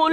قل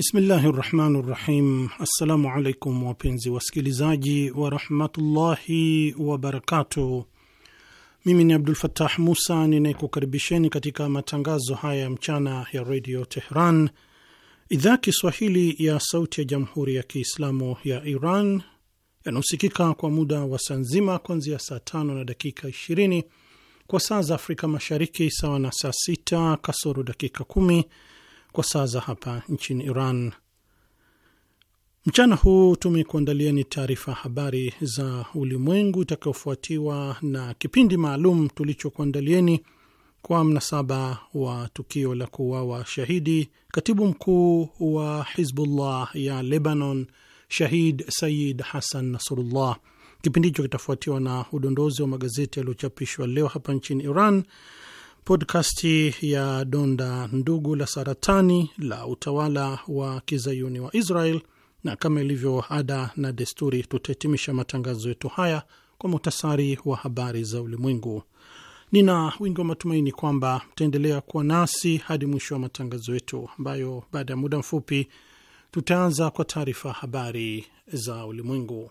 Bismillahi rahmani rahim. Assalamu alaikum wapenzi wasikilizaji warahmatullahi wabarakatuh. Mimi ni Abdul fatah Musa ninayekukaribisheni katika matangazo haya ya mchana ya redio Tehran, idhaa Kiswahili ya sauti ya jamhuri ya Kiislamu ya Iran, yanaosikika kwa muda wa saa nzima kuanzia saa tano na dakika 20 kwa saa za Afrika Mashariki, sawa na saa sita kasoro dakika kumi kwa saa za hapa nchini Iran. Mchana huu ni taarifa habari za ulimwengu itakayofuatiwa na kipindi maalum tulichokuandalieni kwa mnasaba wa tukio la kuuawa shahidi katibu mkuu wa Hizbullah ya Lebanon, Shahid Sayid hasan Nasrullah. Kipindi hicho kitafuatiwa na udondozi wa magazeti yaliyochapishwa leo hapa nchini Iran Podkasti ya donda ndugu la saratani la utawala wa kizayuni wa Israel, na kama ilivyo ada na desturi, tutahitimisha matangazo yetu haya kwa muhtasari wa habari za ulimwengu. Nina wingi wa matumaini kwamba mtaendelea kuwa nasi hadi mwisho wa matangazo yetu, ambayo baada ya muda mfupi tutaanza kwa taarifa habari za ulimwengu.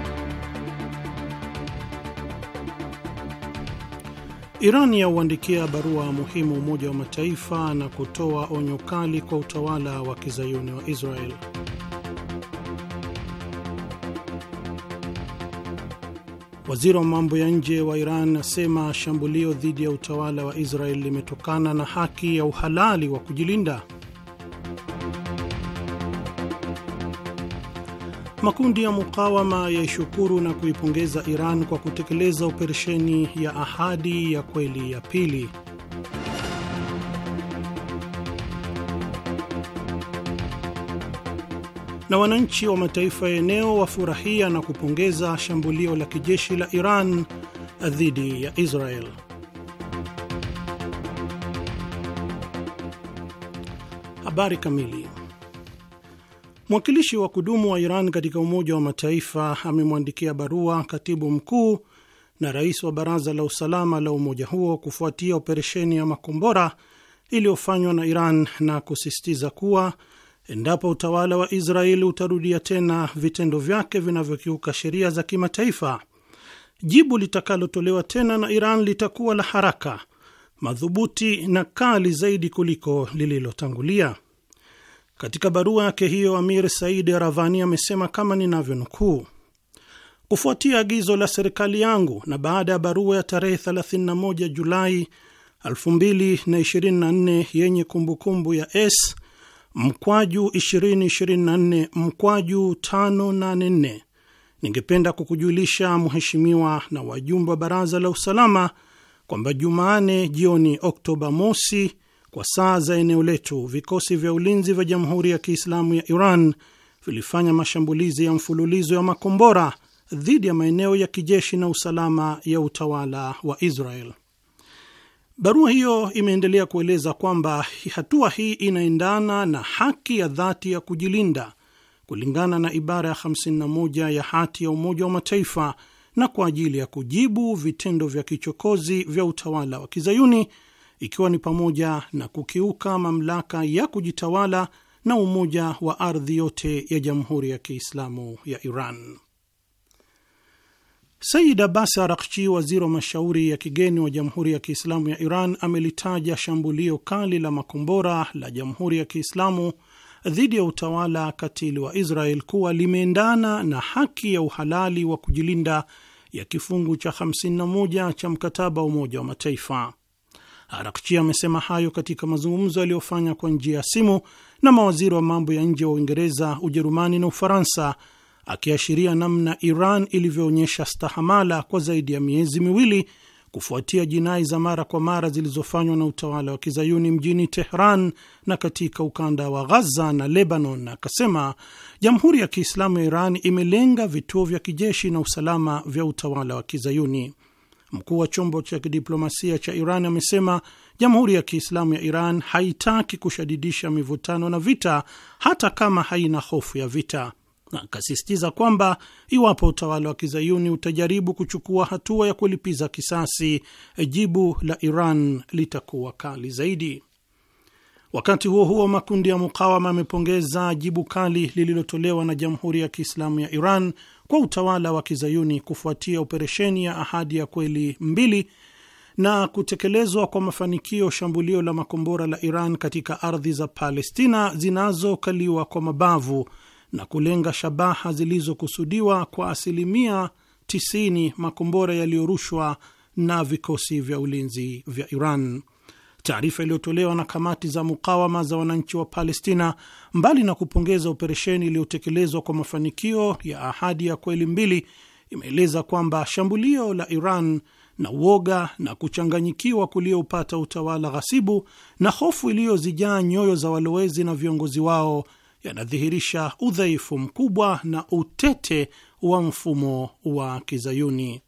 Iran yauandikia barua muhimu Umoja wa Mataifa na kutoa onyo kali kwa utawala wa kizayuni wa Israel. Waziri wa mambo ya nje wa Iran asema shambulio dhidi ya utawala wa Israel limetokana na haki ya uhalali wa kujilinda. Makundi ya mukawama yaishukuru na kuipongeza Iran kwa kutekeleza operesheni ya Ahadi ya Kweli ya pili. Na wananchi wa mataifa ya eneo wafurahia na kupongeza shambulio la kijeshi la Iran dhidi ya Israel. Habari kamili Mwakilishi wa kudumu wa Iran katika Umoja wa Mataifa amemwandikia barua katibu mkuu na rais wa Baraza la Usalama la umoja huo kufuatia operesheni ya makombora iliyofanywa na Iran na kusisitiza kuwa endapo utawala wa Israeli utarudia tena vitendo vyake vinavyokiuka sheria za kimataifa, jibu litakalotolewa tena na Iran litakuwa la haraka, madhubuti na kali zaidi kuliko lililotangulia. Katika barua yake hiyo, Amir Said Ravani amesema kama ninavyonukuu: kufuatia agizo la serikali yangu na baada ya barua ya tarehe 31 Julai 2024 yenye kumbukumbu ya S mkwaju 2024 mkwaju 584 ningependa kukujulisha mheshimiwa na wajumbe wa baraza la usalama kwamba jumane jioni Oktoba mosi kwa saa za eneo letu, vikosi vya ulinzi vya Jamhuri ya Kiislamu ya Iran vilifanya mashambulizi ya mfululizo ya makombora dhidi ya maeneo ya kijeshi na usalama ya utawala wa Israel. Barua hiyo imeendelea kueleza kwamba hatua hii inaendana na haki ya dhati ya kujilinda kulingana na ibara ya 51 ya hati ya Umoja wa Mataifa na kwa ajili ya kujibu vitendo vya kichokozi vya utawala wa kizayuni ikiwa ni pamoja na kukiuka mamlaka ya kujitawala na umoja wa ardhi yote ya Jamhuri ya Kiislamu ya Iran. Said Abbas Arakchi, waziri wa mashauri ya kigeni wa Jamhuri ya Kiislamu ya Iran, amelitaja shambulio kali la makombora la Jamhuri ya Kiislamu dhidi ya utawala katili wa Israel kuwa limeendana na haki ya uhalali wa kujilinda ya kifungu cha 51 cha mkataba wa Umoja wa Mataifa. Arakchi amesema hayo katika mazungumzo aliyofanya kwa njia ya simu na mawaziri wa mambo ya nje wa Uingereza, Ujerumani na Ufaransa, akiashiria namna Iran ilivyoonyesha stahamala kwa zaidi ya miezi miwili kufuatia jinai za mara kwa mara zilizofanywa na utawala wa kizayuni mjini Tehran na katika ukanda wa Ghaza na Lebanon. Akasema jamhuri ya Kiislamu ya Iran imelenga vituo vya kijeshi na usalama vya utawala wa kizayuni. Mkuu wa chombo cha kidiplomasia cha Iran amesema jamhuri ya Kiislamu ya Iran haitaki kushadidisha mivutano na vita hata kama haina hofu ya vita, na akasisitiza kwamba iwapo utawala wa kizayuni utajaribu kuchukua hatua ya kulipiza kisasi, jibu la Iran litakuwa kali zaidi. Wakati huo huo, makundi ya mukawama amepongeza jibu kali lililotolewa na jamhuri ya Kiislamu ya Iran kwa utawala wa kizayuni kufuatia operesheni ya Ahadi ya Kweli mbili na kutekelezwa kwa mafanikio shambulio la makombora la Iran katika ardhi za Palestina zinazokaliwa kwa mabavu na kulenga shabaha zilizokusudiwa kwa asilimia 90 makombora yaliyorushwa na vikosi vya ulinzi vya Iran. Taarifa iliyotolewa na kamati za mukawama za wananchi wa Palestina, mbali na kupongeza operesheni iliyotekelezwa kwa mafanikio ya ahadi ya kweli mbili, imeeleza kwamba shambulio la Iran na uoga na kuchanganyikiwa kuliyoupata utawala ghasibu na hofu iliyozijaa nyoyo za walowezi na viongozi wao yanadhihirisha udhaifu mkubwa na utete wa mfumo wa Kizayuni.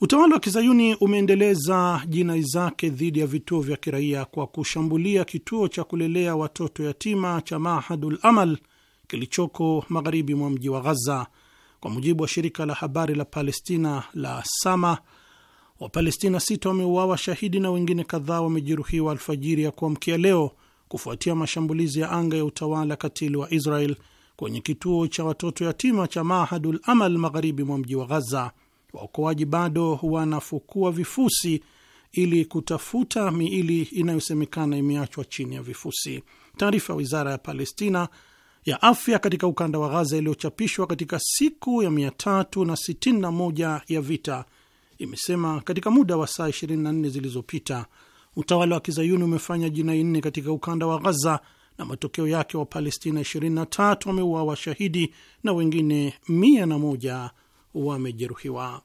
Utawala wa kizayuni umeendeleza jinai zake dhidi ya vituo vya kiraia kwa kushambulia kituo cha kulelea watoto yatima cha Mahadul Amal kilichoko magharibi mwa mji wa Ghaza. Kwa mujibu wa shirika la habari la Palestina la Sama, Wapalestina sita wameuawa shahidi na wengine kadhaa wamejeruhiwa alfajiri ya kuamkia leo kufuatia mashambulizi ya anga ya utawala katili wa Israel kwenye kituo cha watoto yatima cha Mahadul Amal magharibi mwa mji wa Ghaza waokoaji bado wanafukua vifusi ili kutafuta miili inayosemekana imeachwa chini ya vifusi. Taarifa ya wizara ya Palestina ya afya katika ukanda wa Ghaza iliyochapishwa katika siku ya 361 ya vita imesema katika muda wa saa 24 zilizopita utawala wa kizayuni umefanya jinai nne katika ukanda wa Ghaza na matokeo yake Wapalestina 23 wameuawa shahidi na wengine 101 wamejeruhiwa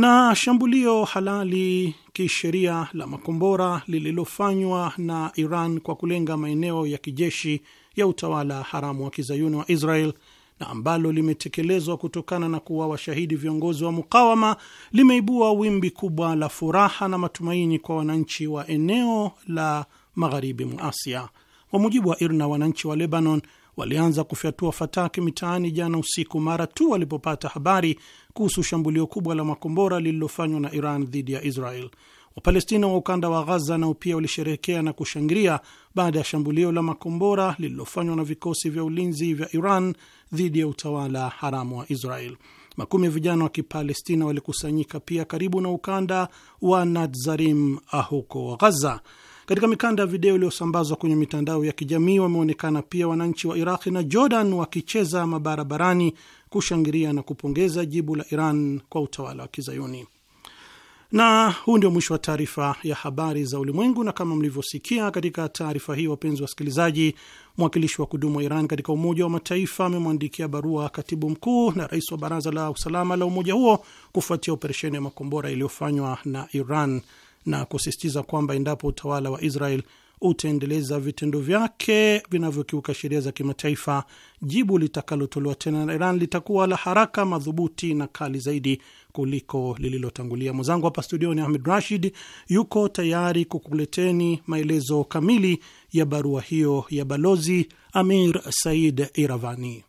na shambulio halali kisheria la makombora lililofanywa na Iran kwa kulenga maeneo ya kijeshi ya utawala haramu wa kizayuni wa Israel na ambalo limetekelezwa kutokana na kuwa washahidi viongozi wa mukawama limeibua wimbi kubwa la furaha na matumaini kwa wananchi wa eneo la magharibi mwa Asia. Kwa mujibu wa IRNA, wananchi wa Lebanon walianza kufyatua fataki mitaani jana usiku mara tu walipopata habari kuhusu shambulio kubwa la makombora lililofanywa na Iran dhidi ya Israel. Wapalestina wa ukanda wa Ghaza nao pia walisherehekea na kushangilia baada ya shambulio la makombora lililofanywa na vikosi vya ulinzi vya Iran dhidi ya utawala haramu wa Israel. Makumi ya vijana wa Kipalestina walikusanyika pia karibu na ukanda wa nadzarim ah, huko Ghaza. Katika mikanda ya video iliyosambazwa kwenye mitandao ya kijamii, wameonekana pia wananchi wa Iraqi na Jordan wakicheza mabarabarani kushangilia na kupongeza jibu la Iran kwa utawala wa Kizayuni. Na huu ndio mwisho wa taarifa ya habari za ulimwengu, na kama mlivyosikia katika taarifa hii, wapenzi wasikilizaji, mwakilishi wa kudumu wa Iran katika Umoja wa Mataifa amemwandikia barua katibu mkuu na rais wa Baraza la Usalama la umoja huo kufuatia operesheni ya makombora iliyofanywa na Iran na kusisitiza kwamba endapo utawala wa Israel utaendeleza vitendo vyake vinavyokiuka sheria za kimataifa, jibu litakalotolewa tena na Iran litakuwa la haraka, madhubuti na kali zaidi kuliko lililotangulia. Mwenzangu hapa studioni Ahmed Rashid yuko tayari kukuleteni maelezo kamili ya barua hiyo ya Balozi Amir Said Iravani.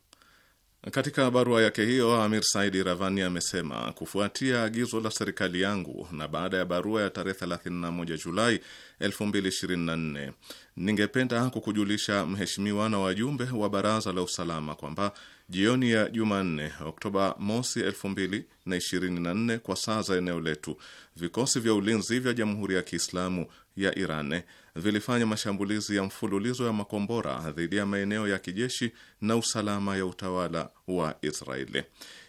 Katika barua yake hiyo, Amir Saidi Ravani amesema kufuatia agizo la serikali yangu na baada ya barua ya tarehe 31 Julai 2024 ningependa kukujulisha mheshimiwa na wajumbe wa Baraza la Usalama kwamba jioni ya Jumanne, Oktoba mosi 2024 kwa saa za eneo letu, vikosi vya ulinzi vya Jamhuri ya Kiislamu ya Iran vilifanya mashambulizi ya mfululizo ya makombora dhidi ya maeneo ya kijeshi na usalama ya utawala wa Israeli.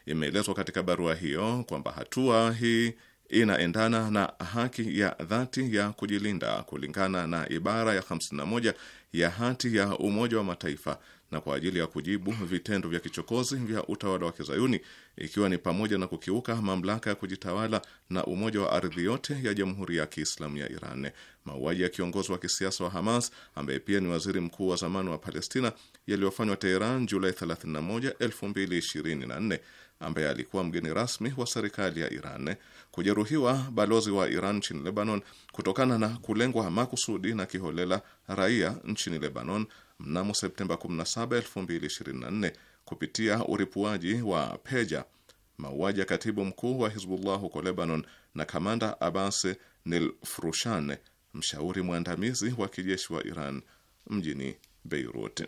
Imeelezwa katika barua hiyo kwamba hatua hii inaendana na haki ya dhati ya kujilinda kulingana na ibara ya 51 ya hati ya Umoja wa Mataifa na kwa ajili ya kujibu vitendo vya kichokozi vya utawala wa Kizayuni, ikiwa ni pamoja na kukiuka mamlaka ya kujitawala na umoja wa ardhi yote ya Jamhuri ya Kiislamu ya Iran, mauaji ya kiongozi wa kisiasa wa Hamas ambaye pia ni waziri mkuu wa zamani wa Palestina yaliyofanywa Teheran Julai 31, 2024 ambaye alikuwa mgeni rasmi wa serikali ya Iran, kujeruhiwa balozi wa Iran nchini Lebanon kutokana na kulengwa makusudi na kiholela raia nchini Lebanon mnamo Septemba 17, 2024 kupitia uripuaji wa Peja, mauaji ya katibu mkuu wa Hizbullah huko Lebanon na kamanda Abbas Nilfrushan, mshauri mwandamizi wa kijeshi wa Iran mjini Beirut.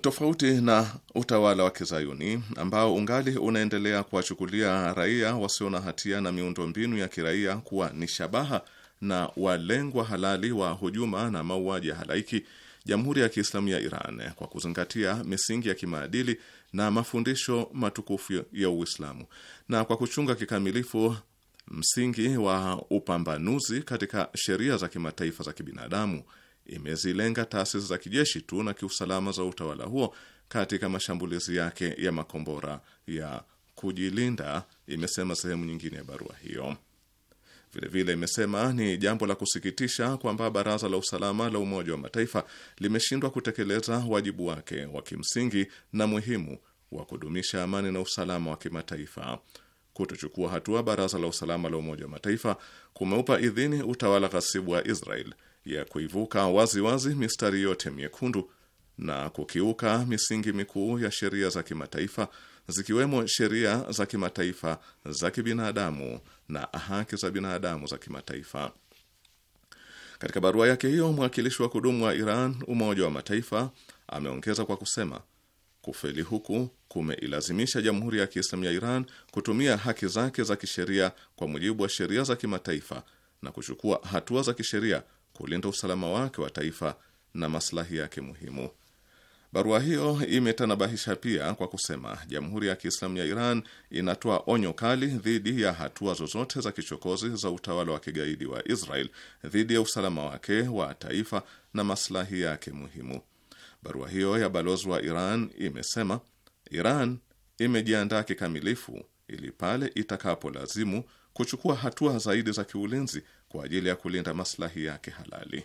Tofauti na utawala wa kizayuni ambao ungali unaendelea kuwachukulia raia wasio na hatia na miundombinu ya kiraia kuwa ni shabaha na walengwa halali wa hujuma na mauaji ya halaiki Jamhuri ya Kiislamu ya Iran kwa kuzingatia misingi ya kimaadili na mafundisho matukufu ya Uislamu na kwa kuchunga kikamilifu msingi wa upambanuzi katika sheria za kimataifa za kibinadamu imezilenga taasisi za kijeshi tu na kiusalama za utawala huo katika mashambulizi yake ya makombora ya kujilinda, imesema sehemu nyingine ya barua hiyo. Vilevile imesema ni jambo la kusikitisha kwamba Baraza la Usalama la Umoja wa Mataifa limeshindwa kutekeleza wajibu wake wa kimsingi na muhimu wa kudumisha amani na usalama wa kimataifa. Kutochukua hatua Baraza la Usalama la Umoja wa Mataifa kumeupa idhini utawala ghasibu wa Israel ya kuivuka waziwazi mistari yote miekundu na kukiuka misingi mikuu ya sheria za kimataifa zikiwemo sheria za kimataifa za kibinadamu na haki za binadamu za kimataifa. Katika barua yake hiyo, mwakilishi wa kudumu wa Iran Umoja wa Mataifa ameongeza kwa kusema kufeli huku kumeilazimisha Jamhuri ya Kiislamu ya Iran kutumia haki zake za kisheria kwa mujibu wa sheria za kimataifa na kuchukua hatua za kisheria kulinda usalama wake wa taifa na maslahi yake muhimu. Barua hiyo imetanabahisha pia kwa kusema Jamhuri ya Kiislamu ya Iran inatoa onyo kali dhidi ya hatua zozote za kichokozi za utawala wa kigaidi wa Israel dhidi ya usalama wake wa taifa na maslahi yake muhimu. Barua hiyo ya balozi wa Iran imesema Iran imejiandaa kikamilifu ili pale itakapolazimu kuchukua hatua zaidi za kiulinzi kwa ajili ya kulinda maslahi yake halali.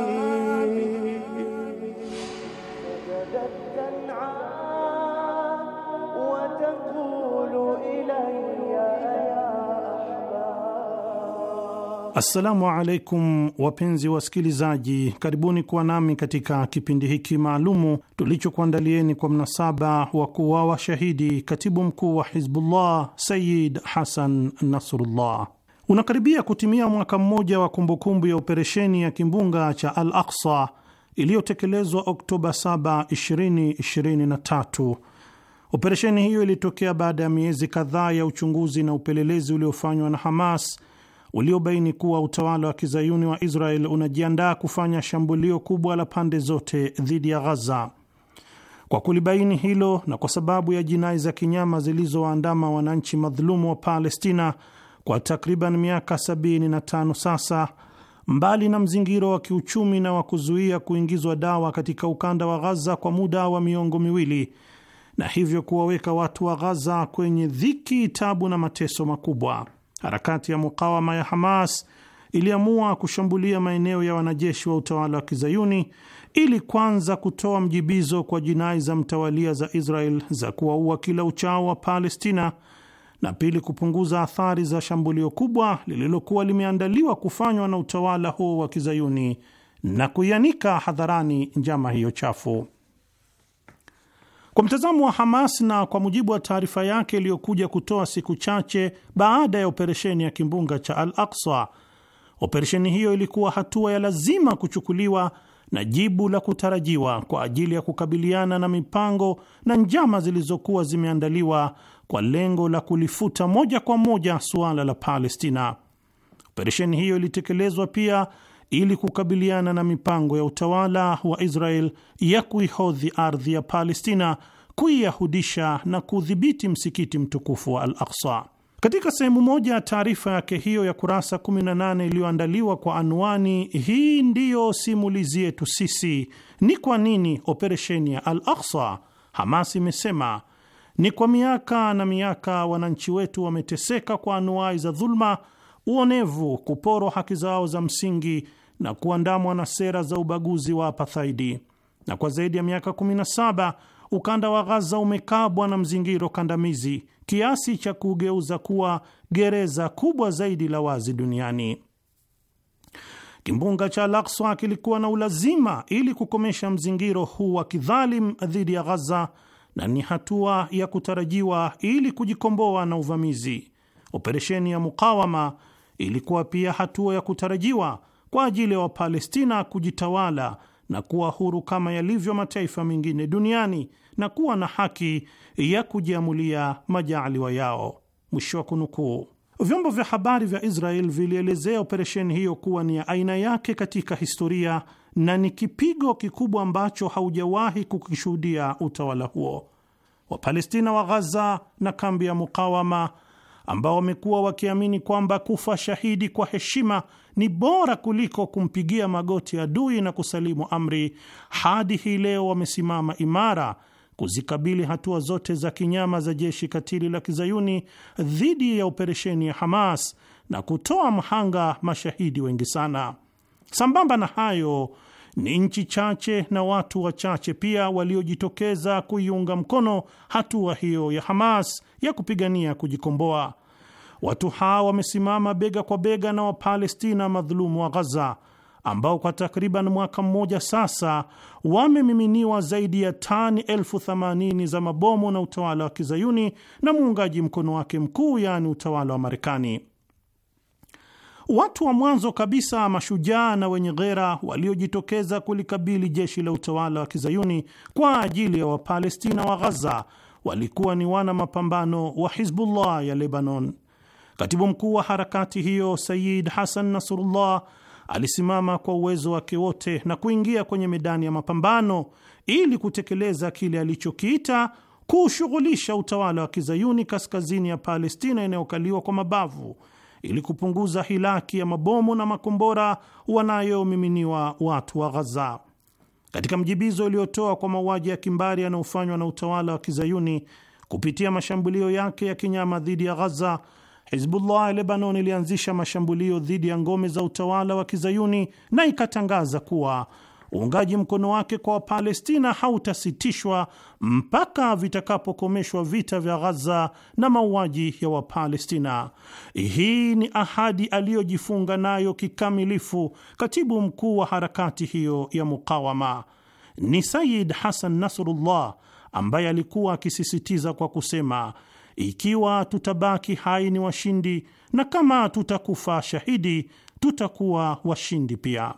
Assalamu alaikum wapenzi wasikilizaji, karibuni kuwa nami katika kipindi hiki maalumu tulichokuandalieni kwa mnasaba wa kuwawa shahidi katibu mkuu wa Hizbullah Sayid Hasan Nasrullah. Unakaribia kutimia mwaka mmoja wa kumbukumbu ya operesheni ya kimbunga cha Al Aqsa iliyotekelezwa Oktoba 7, 2023. Operesheni hiyo ilitokea baada ya miezi kadhaa ya uchunguzi na upelelezi uliofanywa na Hamas uliobaini kuwa utawala wa kizayuni wa Israel unajiandaa kufanya shambulio kubwa la pande zote dhidi ya Ghaza. Kwa kulibaini hilo na kwa sababu ya jinai za kinyama zilizowaandama wananchi madhulumu wa Palestina kwa takriban miaka 75 sasa, mbali na mzingiro wa kiuchumi na wa kuzuia kuingizwa dawa katika ukanda wa Ghaza kwa muda wa miongo miwili, na hivyo kuwaweka watu wa Ghaza kwenye dhiki, tabu na mateso makubwa. Harakati ya mukawama ya Hamas iliamua kushambulia maeneo ya wanajeshi wa utawala wa kizayuni ili kwanza kutoa mjibizo kwa jinai za mtawalia za Israel za kuwaua kila uchao wa Palestina na pili kupunguza athari za shambulio kubwa lililokuwa limeandaliwa kufanywa na utawala huo wa kizayuni na kuianika hadharani njama hiyo chafu. Kwa mtazamo wa Hamas na kwa mujibu wa taarifa yake iliyokuja kutoa siku chache baada ya operesheni ya kimbunga cha Al Aqsa, operesheni hiyo ilikuwa hatua ya lazima kuchukuliwa na jibu la kutarajiwa kwa ajili ya kukabiliana na mipango na njama zilizokuwa zimeandaliwa kwa lengo la kulifuta moja kwa moja suala la Palestina. Operesheni hiyo ilitekelezwa pia ili kukabiliana na mipango ya utawala wa Israel ya kuihodhi ardhi ya Palestina, kuiyahudisha na kudhibiti msikiti mtukufu wa Al-Aqsa. Katika sehemu moja ya taarifa yake hiyo ya kurasa 18 iliyoandaliwa kwa anwani hii, ndiyo simulizi yetu sisi, ni kwa nini operesheni ya Al-Aqsa, Hamas imesema ni kwa miaka na miaka wananchi wetu wameteseka kwa anuwai za dhuluma, uonevu, kuporwa haki zao za msingi na kuandamwa na sera za ubaguzi wa apathaidi, na kwa zaidi ya miaka 17 ukanda wa Ghaza umekabwa na mzingiro kandamizi kiasi cha kugeuza kuwa gereza kubwa zaidi la wazi duniani. Kimbunga cha Al-Aqsa kilikuwa na ulazima ili kukomesha mzingiro huu wa kidhalim dhidi ya Ghaza, na ni hatua ya kutarajiwa ili kujikomboa na uvamizi. Operesheni ya mukawama ilikuwa pia hatua ya kutarajiwa kwa ajili ya Wapalestina kujitawala na kuwa huru kama yalivyo mataifa mengine duniani na kuwa na haki ya kujiamulia majaaliwa yao. Mwisho wa kunukuu. Vyombo vya habari vya Israel vilielezea operesheni hiyo kuwa ni ya aina yake katika historia na ni kipigo kikubwa ambacho haujawahi kukishuhudia utawala huo. Wapalestina wa Ghaza na kambi ya mukawama ambao wamekuwa wakiamini kwamba kufa shahidi kwa heshima ni bora kuliko kumpigia magoti adui na kusalimu amri, hadi hii leo wamesimama imara kuzikabili hatua zote za kinyama za jeshi katili la kizayuni dhidi ya operesheni ya Hamas na kutoa mhanga mashahidi wengi sana. Sambamba na hayo ni nchi chache na watu wachache pia waliojitokeza kuiunga mkono hatua hiyo ya Hamas ya kupigania kujikomboa. Watu hawa wamesimama bega kwa bega na Wapalestina madhulumu wa Ghaza ambao kwa takriban mwaka mmoja sasa wamemiminiwa zaidi ya tani elfu themanini za mabomu na utawala wa Kizayuni na muungaji mkono wake mkuu, yaani utawala wa Marekani. Watu wa mwanzo kabisa mashujaa na wenye ghera waliojitokeza kulikabili jeshi la utawala wa kizayuni kwa ajili ya Wapalestina wa Ghaza walikuwa ni wana mapambano wa Hizbullah ya Lebanon. Katibu mkuu wa harakati hiyo Sayid Hasan Nasrullah alisimama kwa uwezo wake wote na kuingia kwenye medani ya mapambano ili kutekeleza kile alichokiita kuushughulisha utawala wa kizayuni kaskazini ya Palestina inayokaliwa kwa mabavu ili kupunguza hilaki ya mabomu na makombora wanayomiminiwa watu wa Ghaza. Katika mjibizo uliotoa kwa mauaji ya kimbari yanayofanywa na utawala wa kizayuni kupitia mashambulio yake ya kinyama dhidi ya Ghaza, Hizbullah ya Lebanon ilianzisha mashambulio dhidi ya ngome za utawala wa kizayuni na ikatangaza kuwa uungaji mkono wake kwa Wapalestina hautasitishwa mpaka vitakapokomeshwa vita vya Ghaza na mauaji ya Wapalestina. Hii ni ahadi aliyojifunga nayo kikamilifu katibu mkuu wa harakati hiyo ya mukawama ni Sayid Hasan Nasrullah, ambaye alikuwa akisisitiza kwa kusema, ikiwa tutabaki hai ni washindi, na kama tutakufa shahidi tutakuwa washindi pia.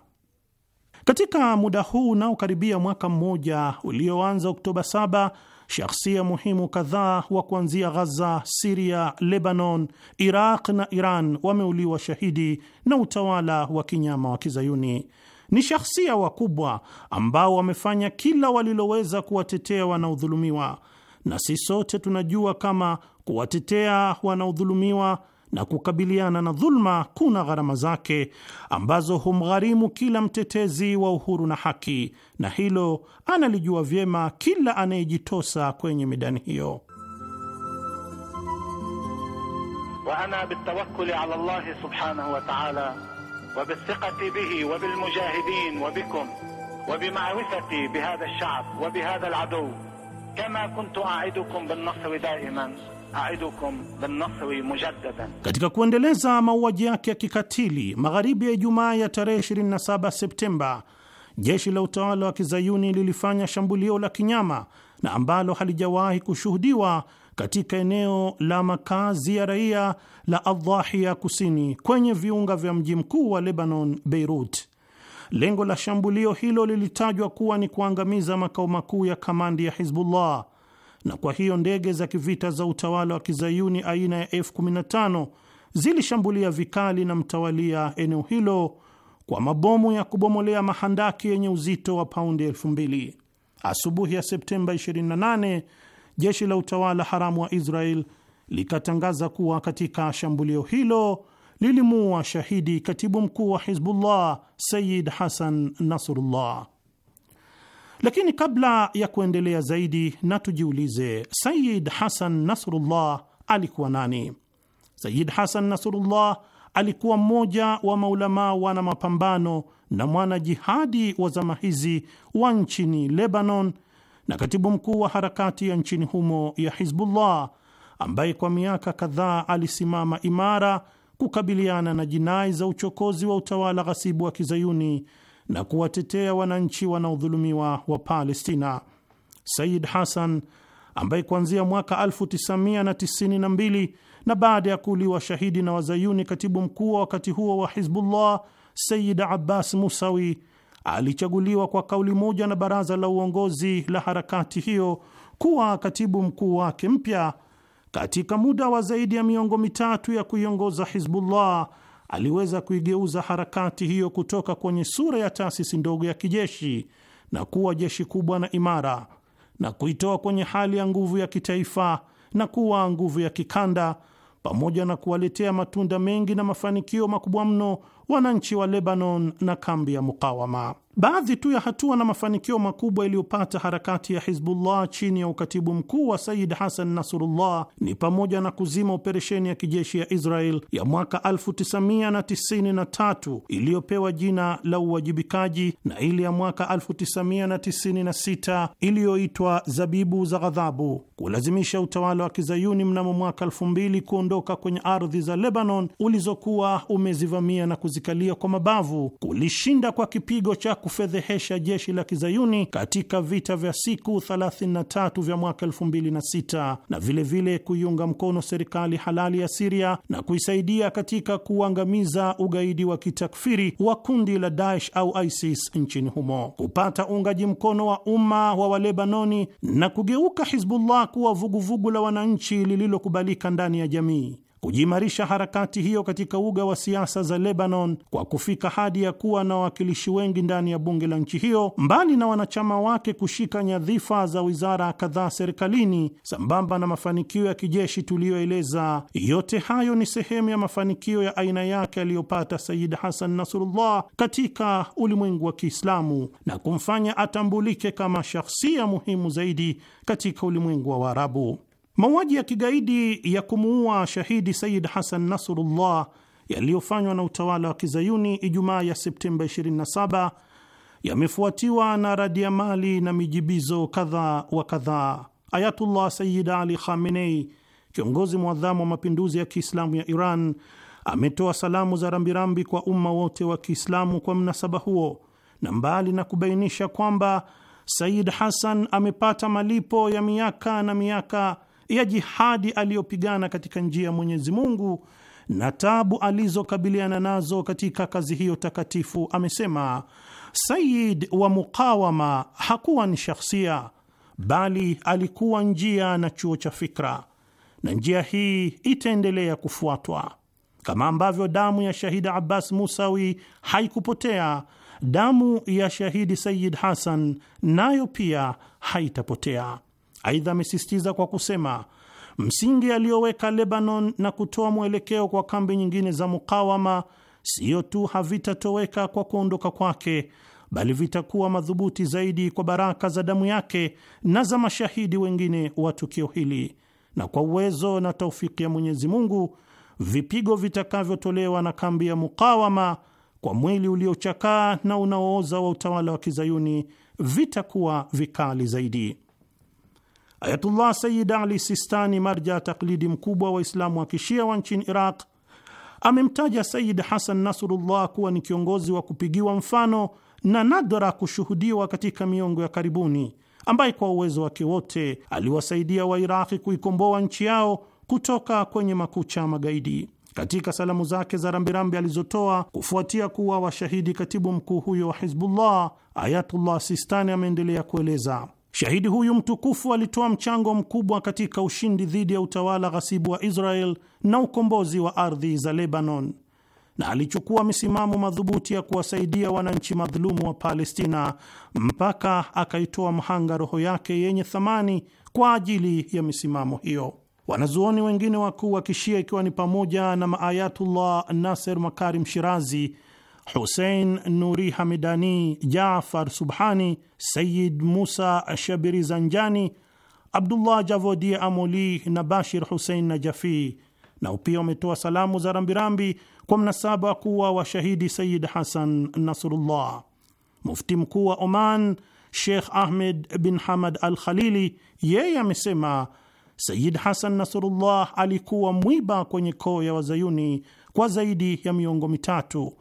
Katika muda huu unaokaribia mwaka mmoja ulioanza Oktoba 7, shakhsia muhimu kadhaa wa kuanzia Ghaza, Siria, Lebanon, Iraq na Iran wameuliwa shahidi na utawala wa kinyama wa Kizayuni. Ni shakhsia wakubwa ambao wamefanya kila waliloweza kuwatetea wanaodhulumiwa, na si sote tunajua kama kuwatetea wanaodhulumiwa na kukabiliana na dhulma kuna gharama zake ambazo humgharimu kila mtetezi wa uhuru na haki, na hilo analijua vyema kila anayejitosa kwenye midani hiyo. wa ana bitawakkuli ala Allahi subhanahu wa ta'ala wa bithiqati bihi wa bilmujahidin wa bikum wa bihadha wa bihadha kama kuntu a'idukum da'iman aidukum binasri mujaddadan. Katika kuendeleza mauaji yake ya kikatili magharibi ya Ijumaa ya tarehe 27 Septemba, jeshi la utawala wa kizayuni lilifanya shambulio la kinyama na ambalo halijawahi kushuhudiwa katika eneo la makazi ya raia la adhahia kusini kwenye viunga vya mji mkuu wa Lebanon, Beirut. Lengo la shambulio hilo lilitajwa kuwa ni kuangamiza makao makuu ya kamandi ya Hizbullah na kwa hiyo ndege za kivita za utawala wa kizayuni aina ya F-15 zilishambulia vikali na mtawalia eneo hilo kwa mabomu ya kubomolea mahandaki yenye uzito wa paundi elfu mbili. Asubuhi ya Septemba 28 jeshi la utawala haramu wa Israel likatangaza kuwa katika shambulio hilo lilimuua shahidi katibu mkuu wa Hizbullah Sayid Hasan Nasrullah. Lakini kabla ya kuendelea zaidi, na tujiulize Sayid Hasan Nasrullah alikuwa nani? Sayid Hasan Nasrullah alikuwa mmoja wa maulamaa wana mapambano na mwana jihadi wa zama hizi wa nchini Lebanon na katibu mkuu wa harakati ya nchini humo ya Hizbullah ambaye kwa miaka kadhaa alisimama imara kukabiliana na jinai za uchokozi wa utawala ghasibu wa kizayuni na kuwatetea wananchi wanaodhulumiwa wa Palestina. Said Hassan ambaye kuanzia mwaka 1992 na baada ya kuuliwa shahidi na wazayuni katibu mkuu wa wakati huo wa Hizbullah Sayid Abbas Musawi alichaguliwa kwa kauli moja na baraza la uongozi la harakati hiyo kuwa katibu mkuu wake mpya katika muda wa zaidi ya miongo mitatu ya kuiongoza Hizbullah aliweza kuigeuza harakati hiyo kutoka kwenye sura ya taasisi ndogo ya kijeshi na kuwa jeshi kubwa na imara na kuitoa kwenye hali ya nguvu ya kitaifa na kuwa nguvu ya kikanda pamoja na kuwaletea matunda mengi na mafanikio makubwa mno wananchi wa Lebanon na kambi ya mukawama. Baadhi tu ya hatua na mafanikio makubwa yaliyopata harakati ya Hizbullah chini ya ukatibu mkuu wa Sayid Hasan Nasrullah ni pamoja na kuzima operesheni ya kijeshi ya Israel ya mwaka 1993 iliyopewa jina la uwajibikaji na ile ya mwaka 1996 iliyoitwa zabibu za ghadhabu, kulazimisha utawala wa kizayuni mnamo mwaka 2000 kuondoka kwenye ardhi za Lebanon ulizokuwa umezivamia na kuzikalia kwa mabavu, kulishinda kwa kipigo cha kufedhehesha jeshi la kizayuni katika vita vya siku 33 vya mwaka 2006 na vilevile vile kuiunga mkono serikali halali ya Siria na kuisaidia katika kuangamiza ugaidi wa kitakfiri wa kundi la Daesh au ISIS nchini humo, kupata uungaji mkono wa umma wa Walebanoni na kugeuka Hizbullah kuwa vuguvugu vugu la wananchi lililokubalika ndani ya jamii kujimarisha harakati hiyo katika uga wa siasa za Lebanon kwa kufika hadi ya kuwa na wawakilishi wengi ndani ya bunge la nchi hiyo, mbali na wanachama wake kushika nyadhifa za wizara kadhaa serikalini, sambamba na mafanikio ya kijeshi tuliyoeleza. Yote hayo ni sehemu ya mafanikio ya aina yake aliyopata Sayyid Hasan Nasrullah katika ulimwengu wa Kiislamu na kumfanya atambulike kama shahsia muhimu zaidi katika ulimwengu wa Waarabu. Mauaji ya kigaidi ya kumuua shahidi Sayid Hasan Nasrullah yaliyofanywa na utawala wa kizayuni Ijumaa ya Septemba 27 yamefuatiwa na radiamali na mijibizo kadha wa kadhaa. Ayatullah Sayid Ali Khamenei, kiongozi mwadhamu wa mapinduzi ya Kiislamu ya Iran, ametoa salamu za rambirambi kwa umma wote wa Kiislamu kwa mnasaba huo, na mbali na kubainisha kwamba Sayid Hasan amepata malipo ya miaka na miaka ya jihadi aliyopigana katika njia ya Mwenyezi Mungu na tabu alizokabiliana nazo katika kazi hiyo takatifu, amesema Sayid wa Muqawama hakuwa ni shakhsia, bali alikuwa njia na chuo cha fikra, na njia hii itaendelea kufuatwa kama ambavyo damu ya shahidi Abbas Musawi haikupotea, damu ya shahidi Sayid Hasan nayo pia haitapotea. Aidha, amesisitiza kwa kusema msingi aliyoweka Lebanon na kutoa mwelekeo kwa kambi nyingine za mukawama siyo tu havitatoweka kwa kuondoka kwake, bali vitakuwa madhubuti zaidi kwa baraka za damu yake na za mashahidi wengine wa tukio hili, na kwa uwezo na taufiki ya Mwenyezi Mungu, vipigo vitakavyotolewa na kambi ya mukawama kwa mwili uliochakaa na unaooza wa utawala wa kizayuni vitakuwa vikali zaidi. Ayatullah Sayyid Ali Sistani, marja taklidi mkubwa wa Waislamu wa kishia wa nchini Iraq, amemtaja Sayyid Hasan Nasrullah kuwa ni kiongozi wa kupigiwa mfano na nadra kushuhudiwa katika miongo ya karibuni, ambaye kwa uwezo wake wote aliwasaidia Wairaqi kuikomboa nchi yao kutoka kwenye makucha magaidi. Katika salamu zake za rambirambi alizotoa kufuatia kuwa washahidi katibu mkuu huyo wa Hizbullah, Ayatullah Sistani ameendelea kueleza Shahidi huyu mtukufu alitoa mchango mkubwa katika ushindi dhidi ya utawala ghasibu wa Israel na ukombozi wa ardhi za Lebanon, na alichukua misimamo madhubuti ya kuwasaidia wananchi madhulumu wa Palestina mpaka akaitoa mhanga roho yake yenye thamani kwa ajili ya misimamo hiyo. Wanazuoni wengine wakuu wa Kishia, ikiwa ni pamoja na Maayatullah Nasser Makarim Shirazi Husein Nuri Hamidani, Jafar Subhani, Sayid Musa shabiri Zanjani, Abdullah Javodi Amoli na Bashir Husein Najafi. Nao pia wametoa salamu za rambirambi kwa mnasaba kuwa washahidi Sayid Hasan Nasrullah. Mufti mkuu wa Oman Sheikh Ahmed bin Hamad Al Khalili yeye amesema Sayid Hasan Nasrullah alikuwa mwiba kwenye koo ya Wazayuni kwa zaidi ya miongo mitatu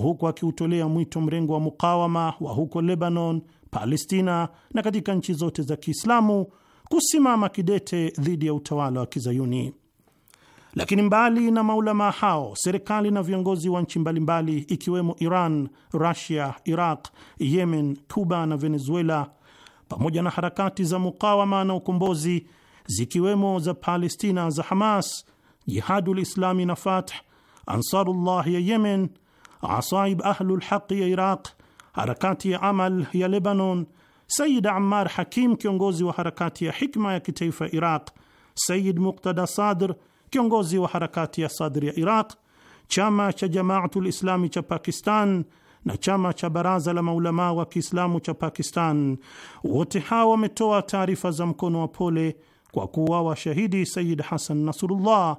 huku akiutolea mwito mrengo wa mukawama wa huko Lebanon, Palestina na katika nchi zote za Kiislamu kusimama kidete dhidi ya utawala wa Kizayuni. Lakini mbali na maulamaa hao, serikali na viongozi wa nchi mbalimbali ikiwemo Iran, Rusia, Iraq, Yemen, Cuba na Venezuela, pamoja na harakati za mukawama na ukombozi zikiwemo za Palestina za Hamas, Jihadul Islami na Fatah, Ansarullah ya Yemen Asaib Ahlul Haqi ya Iraq, harakati ya Amal ya Lebanon, Sayid Ammar Hakim, kiongozi wa harakati ya Hikma ya kitaifa ya Iraq, Sayid muqtada Sadr, kiongozi wa harakati ya sadr ya Iraq, chama cha Jamaatul Islami cha Pakistan na chama cha Baraza la Maulamaa wa Kiislamu cha Pakistan. Wote hawa wametoa taarifa za mkono wa pole kwa kuwa washahidi Sayid Hasan Nasrullah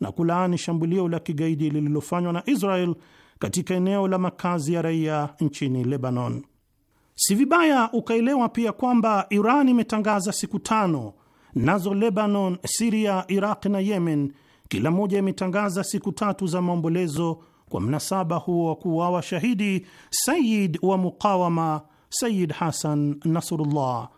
na kulaani shambulio la kigaidi lililofanywa na Israel katika eneo la makazi ya raia nchini Lebanon. Si vibaya ukaelewa pia kwamba Iran imetangaza siku tano, nazo Lebanon, Siria, Iraq na Yemen kila moja imetangaza siku tatu za maombolezo kwa mnasaba huo wa kuuawa shahidi sayid wa mukawama Sayid Hasan Nasrullah.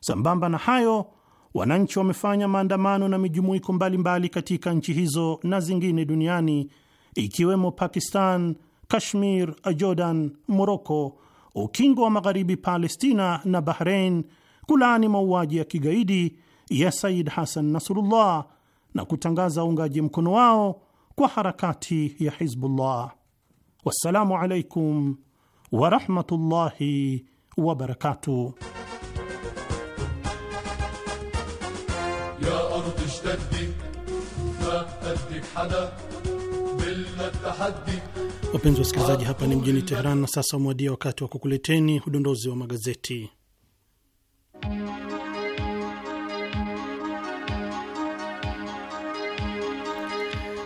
Sambamba na hayo, wananchi wamefanya maandamano na mijumuiko mbalimbali katika nchi hizo na zingine duniani ikiwemo Pakistan, Kashmir, Jordan, Moroko, ukingo wa magharibi Palestina na Bahrein kulaani mauaji ya kigaidi ya Said hasan Nasrullah na kutangaza uungaji mkono wao kwa harakati ya Hizbullah. Wassalamu alaikum warahmatullahi wabarakatuh. Wapenzi wasikilizaji, hapa ni mjini Teheran na sasa umewadia wakati wa kukuleteni udondozi wa magazeti.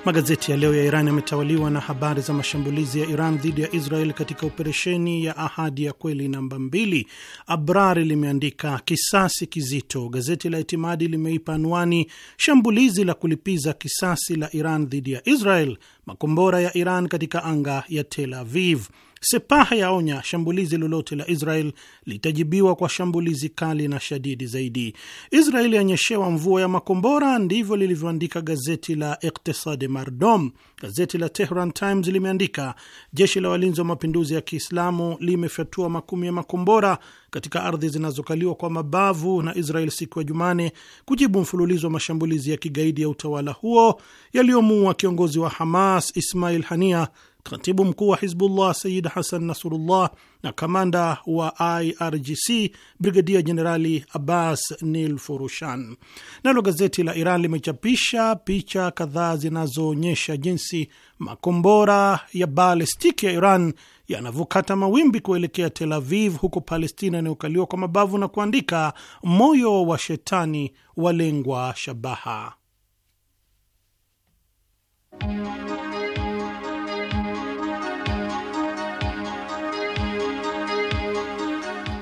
Magazeti ya leo ya Iran yametawaliwa na habari za mashambulizi ya Iran dhidi ya Israel katika operesheni ya Ahadi ya Kweli namba mbili. Abrari limeandika kisasi kizito. Gazeti la Itimadi limeipa anwani shambulizi la kulipiza kisasi la Iran dhidi ya Israel, makombora ya Iran katika anga ya Tel Aviv. Sepah yaonya shambulizi lolote la Israel litajibiwa kwa shambulizi kali na shadidi zaidi. Israel yanyeshewa mvua ya makombora, ndivyo lilivyoandika gazeti la Iktisadi Mardom. Gazeti la Tehran Times limeandika jeshi la walinzi wa mapinduzi ya Kiislamu limefyatua makumi ya makombora katika ardhi zinazokaliwa kwa mabavu na Israel siku ya Jumane kujibu mfululizo wa mashambulizi ya kigaidi ya utawala huo yaliyomuua kiongozi wa Hamas Ismail Hania Katibu mkuu wa Hizbullah Sayid Hasan Nasrullah na kamanda wa IRGC Brigadia Jenerali Abbas Nil Furushan. Nalo gazeti la Iran limechapisha picha kadhaa zinazoonyesha jinsi makombora ya balestiki ya Iran yanavyokata mawimbi kuelekea Tel Aviv huko Palestina inayokaliwa kwa mabavu na kuandika moyo wa shetani walengwa shabaha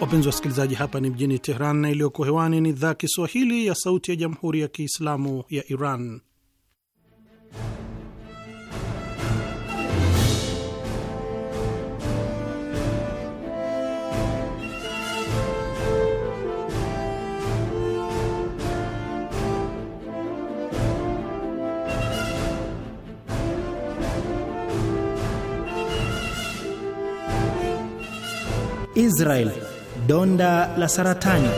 Wapenzi wa wasikilizaji, hapa ni mjini Teheran na iliyoko hewani ni idhaa Kiswahili ya Sauti ya Jamhuri ya Kiislamu ya Iran. Israel Donda la saratani.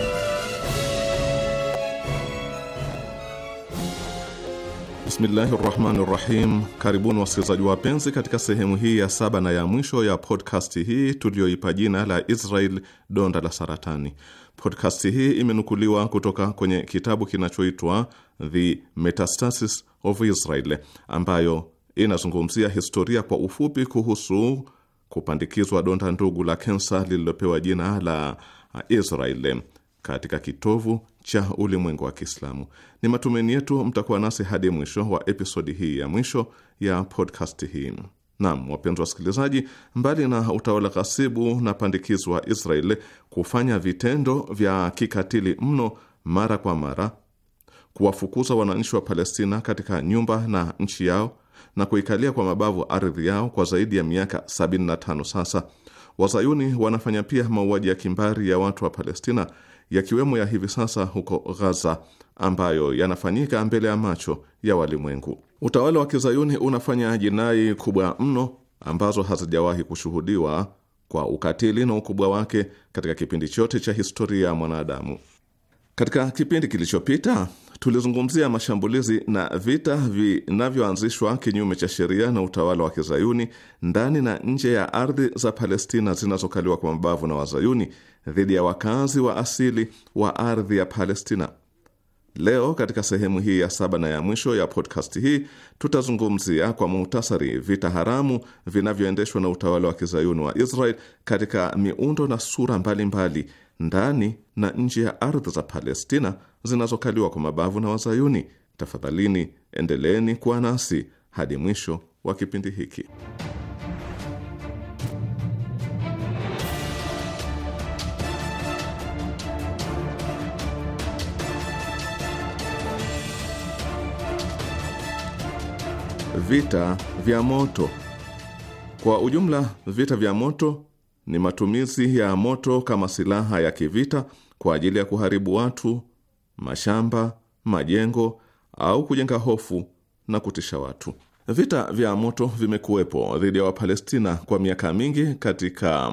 Bismillahi rahmani rahim. Karibuni wasikilizaji wapenzi, katika sehemu hii ya saba na ya mwisho ya podkasti hii tuliyoipa jina la Israel donda la saratani. Podkasti hii imenukuliwa kutoka kwenye kitabu kinachoitwa The Metastasis of Israel ambayo inazungumzia historia kwa ufupi kuhusu kupandikizwa donda ndugu la kensa lililopewa jina la Israel katika kitovu cha ulimwengu wa Kiislamu. Ni matumaini yetu mtakuwa nasi hadi mwisho wa episodi hii ya mwisho ya podcast hii. Naam, wapenzi wasikilizaji, mbali na utawala ghasibu na pandikizo wa Israel kufanya vitendo vya kikatili mno mara kwa mara, kuwafukuza wananchi wa Palestina katika nyumba na nchi yao na kuikalia kwa mabavu ardhi yao kwa zaidi ya miaka 75 sasa. Wazayuni wanafanya pia mauaji ya kimbari ya watu wa Palestina, yakiwemo ya hivi sasa huko Ghaza, ambayo yanafanyika mbele ya macho ya walimwengu. Utawala wa kizayuni unafanya jinai kubwa mno ambazo hazijawahi kushuhudiwa kwa ukatili na ukubwa wake katika kipindi chote cha historia ya mwanadamu. Katika kipindi kilichopita tulizungumzia mashambulizi na vita vinavyoanzishwa kinyume cha sheria na utawala wa kizayuni ndani na nje ya ardhi za Palestina zinazokaliwa kwa mabavu na wazayuni dhidi ya wakazi wa asili wa ardhi ya Palestina. Leo katika sehemu hii ya saba na ya mwisho ya podcast hii tutazungumzia kwa muhtasari vita haramu vinavyoendeshwa na utawala wa kizayuni wa Israel katika miundo na sura mbalimbali mbali ndani na nje ya ardhi za Palestina zinazokaliwa kwa mabavu na Wazayuni. Tafadhalini endeleeni kuwa nasi hadi mwisho wa kipindi hiki. Vita vya moto. Kwa ujumla, vita vya moto ni matumizi ya moto kama silaha ya kivita kwa ajili ya kuharibu watu, mashamba, majengo au kujenga hofu na kutisha watu. Vita vya moto vimekuwepo dhidi ya Wapalestina kwa miaka mingi katika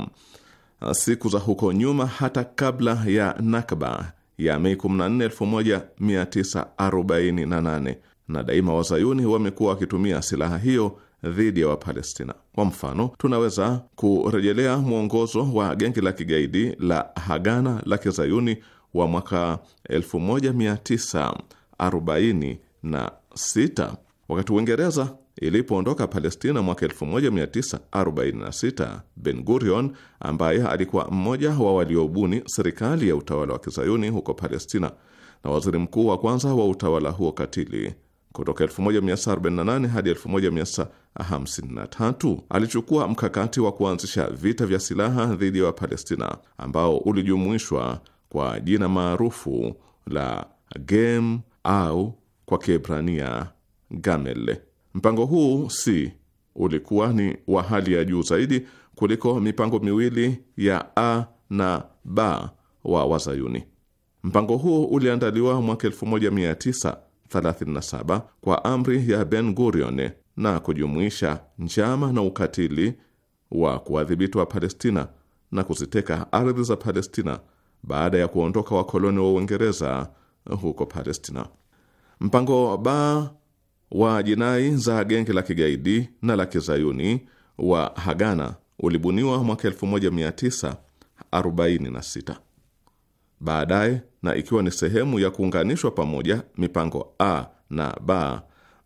uh, siku za huko nyuma, hata kabla ya Nakba ya Mei 14, 1948 na daima wazayuni wamekuwa wakitumia silaha hiyo dhidi ya Wapalestina. Kwa mfano, tunaweza kurejelea mwongozo wa gengi la kigaidi la Hagana la kizayuni wa mwaka 1946 wakati Uingereza ilipoondoka Palestina mwaka 1946, Ben Gurion ambaye alikuwa mmoja wa waliobuni serikali ya utawala wa kizayuni huko Palestina na waziri mkuu wa kwanza wa utawala huo katili kutoka 1948 hadi 1953. Alichukua mkakati wa kuanzisha vita vya silaha dhidi ya wa Wapalestina ambao ulijumuishwa kwa jina maarufu la Gem au kwa Kiebrania Gamel. Mpango huu si ulikuwa ni wa hali ya juu zaidi kuliko mipango miwili ya A na B wa Wazayuni. Mpango huu uliandaliwa mwaka 19 37 kwa amri ya Ben Gurion na kujumuisha njama na ukatili wa kuwadhibiti wa Palestina na kuziteka ardhi za Palestina baada ya kuondoka wakoloni wa Uingereza huko Palestina. Mpango ba wa jinai za genge la kigaidi na la kizayuni wa Hagana ulibuniwa mwaka 1946. Baadaye, na ikiwa ni sehemu ya kuunganishwa pamoja mipango A na B,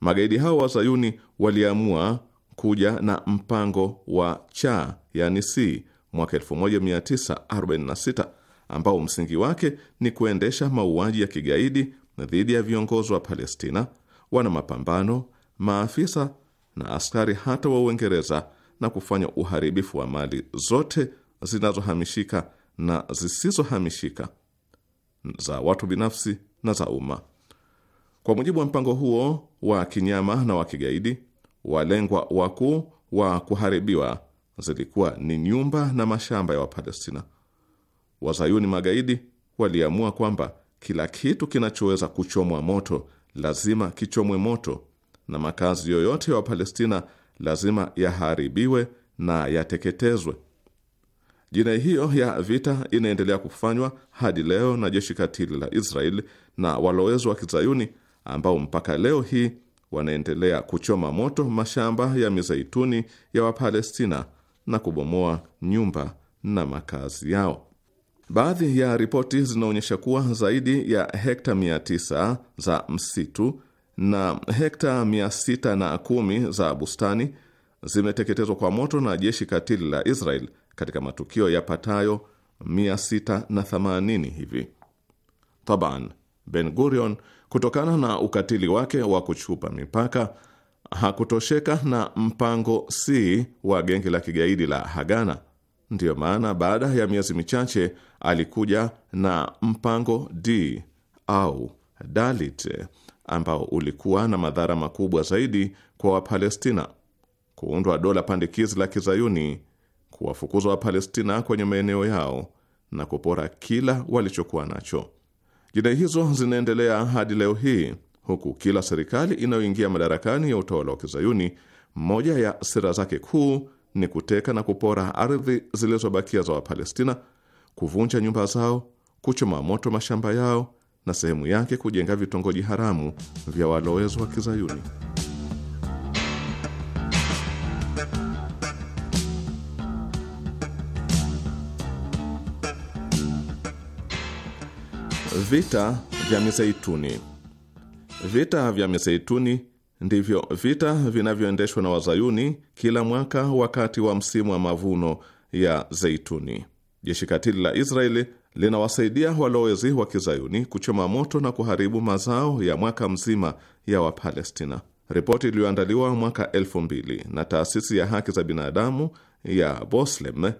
magaidi hao wazayuni waliamua kuja na mpango wa cha yani C mwaka 1946 ambao msingi wake ni kuendesha mauaji ya kigaidi dhidi ya viongozi wa Palestina, wana mapambano, maafisa na askari hata wa Uingereza na kufanya uharibifu wa mali zote zinazohamishika na zisizohamishika za watu binafsi na za umma. Kwa mujibu wa mpango huo wa kinyama na wa kigaidi, walengwa wakuu wa kuharibiwa zilikuwa ni nyumba na mashamba ya Wapalestina. Wazayuni magaidi waliamua kwamba kila kitu kinachoweza kuchomwa moto lazima kichomwe moto na makazi yoyote ya Wapalestina lazima yaharibiwe na yateketezwe. Jinai hiyo ya vita inaendelea kufanywa hadi leo na jeshi katili la Israel na walowezi wa Kizayuni ambao mpaka leo hii wanaendelea kuchoma moto mashamba ya mizeituni ya Wapalestina na kubomoa nyumba na makazi yao. Baadhi ya ripoti zinaonyesha kuwa zaidi ya hekta 900 za msitu na hekta 610 za bustani zimeteketezwa kwa moto na jeshi katili la Israel katika matukio yapatayo 680 hivi. Taban, Ben Gurion kutokana na ukatili wake wa kuchupa mipaka hakutosheka na mpango C wa genge la kigaidi la Hagana. Ndiyo maana baada ya miezi michache alikuja na mpango D au Dalit ambao ulikuwa na madhara makubwa zaidi kwa Wapalestina: kuundwa dola pandikizi la kizayuni kuwafukuza Wapalestina kwenye maeneo yao na kupora kila walichokuwa nacho. Jinai hizo zinaendelea hadi leo hii, huku kila serikali inayoingia madarakani ya utawala wa Kizayuni, moja ya sera zake kuu ni kuteka na kupora ardhi zilizobakia za Wapalestina, kuvunja nyumba zao, kuchoma moto mashamba yao na sehemu yake kujenga vitongoji haramu vya walowezi wa Kizayuni. Vita vya Mizeituni. Vita vya Mizeituni ndivyo vita vinavyoendeshwa na Wazayuni kila mwaka wakati wa msimu wa mavuno ya zeituni. Jeshi katili la Israeli linawasaidia walowezi wa kizayuni kuchoma moto na kuharibu mazao ya mwaka mzima ya Wapalestina. Ripoti iliyoandaliwa mwaka elfu mbili na taasisi ya haki za binadamu ya Boslem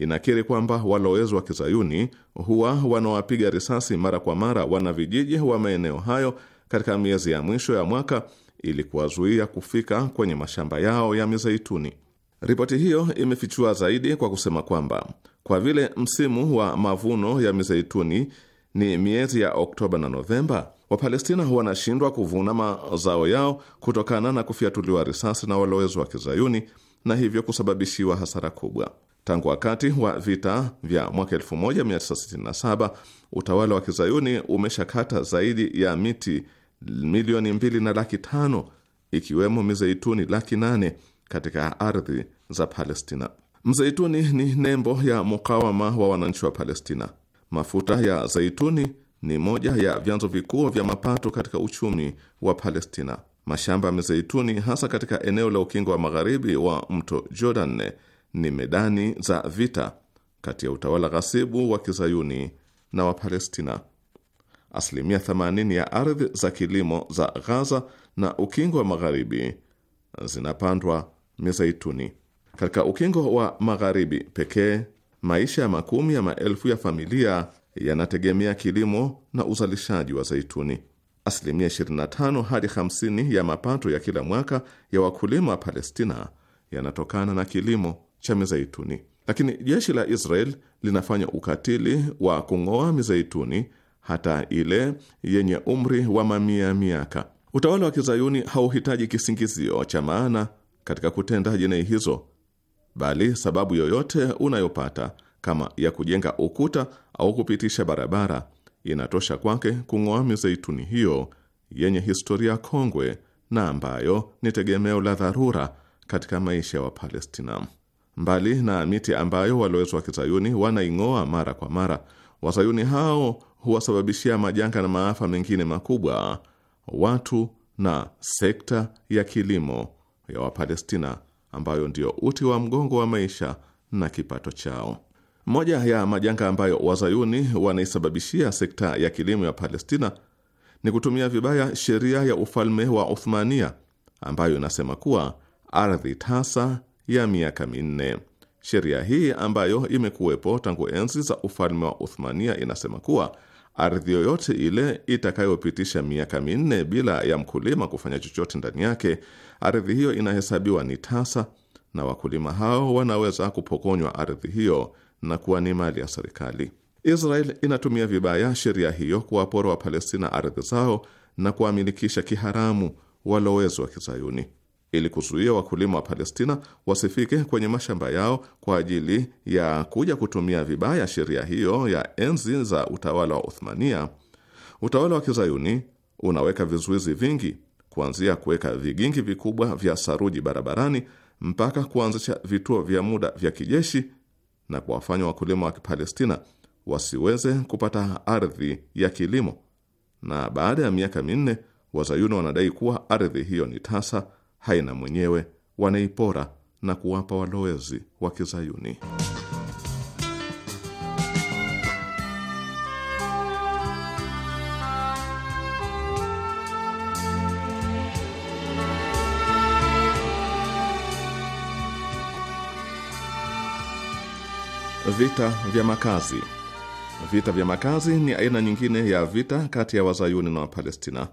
inakiri kwamba walowezi wa kizayuni huwa wanawapiga risasi mara kwa mara wanavijiji wa maeneo hayo katika miezi ya mwisho ya mwaka ili kuwazuia kufika kwenye mashamba yao ya mizeituni. Ripoti hiyo imefichua zaidi kwa kusema kwamba kwa vile msimu wa mavuno ya mizeituni ni miezi ya Oktoba na Novemba, Wapalestina wanashindwa kuvuna mazao yao kutokana na kufyatuliwa risasi na walowezi wa kizayuni na hivyo kusababishiwa hasara kubwa. Tangu wakati wa vita vya mwaka 1967 utawala wa kizayuni umeshakata zaidi ya miti milioni mbili na laki tano ikiwemo mizeituni laki nane katika ardhi za Palestina. Mzeituni ni nembo ya mukawama wa wananchi wa Palestina. Mafuta ya zeituni ni moja ya vyanzo vikuu vya mapato katika uchumi wa Palestina. Mashamba ya mizeituni hasa katika eneo la ukingo wa magharibi wa mto Jordan ni medani za vita kati ya utawala ghasibu wa kizayuni na Wapalestina. Asilimia 80 ya ardhi za kilimo za Ghaza na ukingo wa magharibi zinapandwa mizeituni. Katika ukingo wa magharibi pekee, maisha ya makumi ya maelfu ya familia yanategemea kilimo na uzalishaji wa zaituni. Asilimia 25 hadi 50 ya mapato ya kila mwaka ya wakulima wa Palestina yanatokana na kilimo cha mizeituni. Lakini jeshi la Israel linafanya ukatili wa kung'oa mizeituni hata ile yenye umri wa mamia miaka. Utawala wa kizayuni hauhitaji kisingizio cha maana katika kutenda jinai hizo, bali sababu yoyote unayopata kama ya kujenga ukuta au kupitisha barabara inatosha kwake kung'oa mizeituni hiyo yenye historia kongwe na ambayo ni tegemeo la dharura katika maisha ya Wapalestina. Mbali na miti ambayo walowezi wa kizayuni wanaing'oa mara kwa mara, wazayuni hao huwasababishia majanga na maafa mengine makubwa watu na sekta ya kilimo ya Wapalestina ambayo ndio uti wa mgongo wa maisha na kipato chao. Moja ya majanga ambayo wazayuni wanaisababishia sekta ya kilimo ya Palestina ni kutumia vibaya sheria ya ufalme wa Uthmania ambayo inasema kuwa ardhi tasa ya miaka minne. Sheria hii ambayo imekuwepo tangu enzi za ufalme wa Uthmania inasema kuwa ardhi yoyote ile itakayopitisha miaka minne bila ya mkulima kufanya chochote ndani yake, ardhi hiyo inahesabiwa ni tasa, na wakulima hao wanaweza kupokonywa ardhi hiyo na kuwa ni mali ya serikali. Israel inatumia vibaya sheria hiyo kuwapora Wapalestina ardhi zao na kuwamilikisha kiharamu walowezi wa Kizayuni ili kuzuia wakulima wa Palestina wasifike kwenye mashamba yao kwa ajili ya kuja kutumia vibaya sheria hiyo ya enzi za utawala wa Uthmania. Utawala wa kizayuni unaweka vizuizi vingi, kuanzia kuweka vigingi vikubwa vya saruji barabarani mpaka kuanzisha vituo vya muda vya kijeshi na kuwafanya wakulima wa Palestina wasiweze kupata ardhi ya kilimo, na baada ya miaka minne wazayuni wanadai kuwa ardhi hiyo ni tasa haina mwenyewe, wanaipora na kuwapa walowezi wa Kizayuni. Vita vya makazi. Vita vya makazi ni aina nyingine ya vita kati ya Wazayuni na Wapalestina.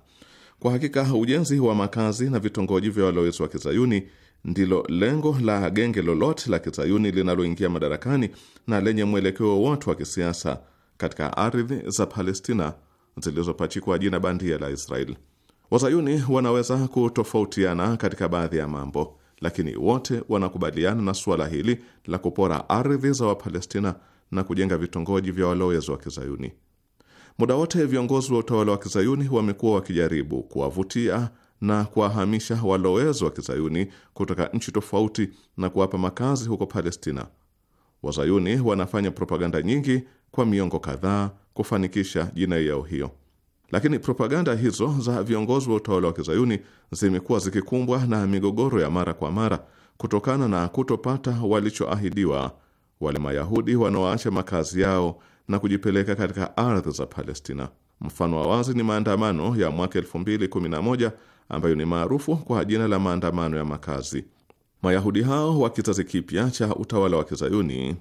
Kwa hakika ujenzi wa makazi na vitongoji vya walowezi wa kizayuni ndilo lengo la genge lolote la kizayuni linaloingia madarakani na lenye mwelekeo wowote wa kisiasa katika ardhi za Palestina zilizopachikwa jina bandia la israel Wazayuni wanaweza kutofautiana katika baadhi ya mambo, lakini wote wanakubaliana na suala hili la kupora ardhi za Wapalestina na kujenga vitongoji vya walowezi wa kizayuni. Muda wote viongozi wa utawala wa kizayuni wamekuwa wakijaribu kuwavutia na kuwahamisha walowezi wa kizayuni kutoka nchi tofauti na kuwapa makazi huko Palestina. Wazayuni wanafanya propaganda nyingi kwa miongo kadhaa kufanikisha jinai yao hiyo, lakini propaganda hizo za viongozi wa utawala wa kizayuni zimekuwa zikikumbwa na migogoro ya mara kwa mara kutokana na kutopata walichoahidiwa wale Mayahudi wanaoacha makazi yao na kujipeleka katika ardhi za Palestina. Mfano wa wazi ni maandamano ya mwaka 2011 ambayo ni maarufu kwa jina la maandamano ya makazi. Mayahudi hao wa kizazi kipya cha utawala wa kizayuni